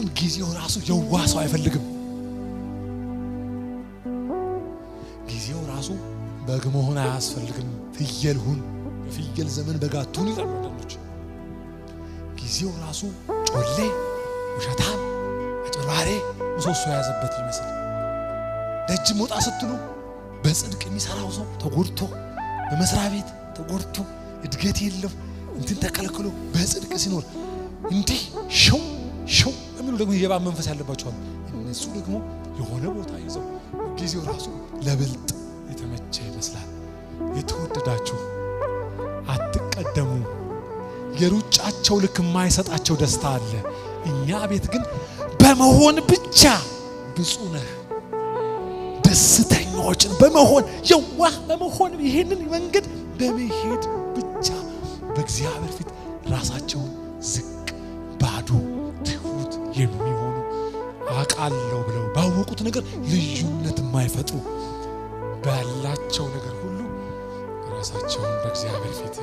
ሰውን ጊዜው ራሱ የዋ ሰው አይፈልግም። ጊዜው ራሱ በግ መሆን አያስፈልግም። ፍየል ሁን። ዘመን በጋቱን ይላሉ ጊዜው ራሱ ጮሌ፣ ውሸታም፣ አጭበርባሪ ምሰሶ የያዘበት ይመስል ደጅ መውጣ ስትሉ በጽድቅ የሚሰራው ሰው ተጎድቶ በመስሪያ ቤት ተጎድቶ እድገት የለው እንትን ተከልክሎ በጽድቅ ሲኖር እንዲህ ሸው ሸው የሚሉ ደግሞ የባ መንፈስ ያለባቸዋል። እነሱ ደግሞ የሆነ ቦታ ይዘው ጊዜው ራሱ ለብልጥ የተመቸ ይመስላል። የተወደዳችሁ አትቀደሙ። የሩጫቸው ልክ የማይሰጣቸው ደስታ አለ። እኛ ቤት ግን በመሆን ብቻ ብፁ ነህ። ደስተኛዎችን በመሆን የዋህ በመሆን ይህንን መንገድ በመሄድ ብቻ በእግዚአብሔር ፊት ራሳቸውን ዝቅ አቃለው ብለው ባወቁት ነገር ልዩነት የማይፈጥሩ ባላቸው ነገር ሁሉ ራሳቸውን በእግዚአብሔር ፊት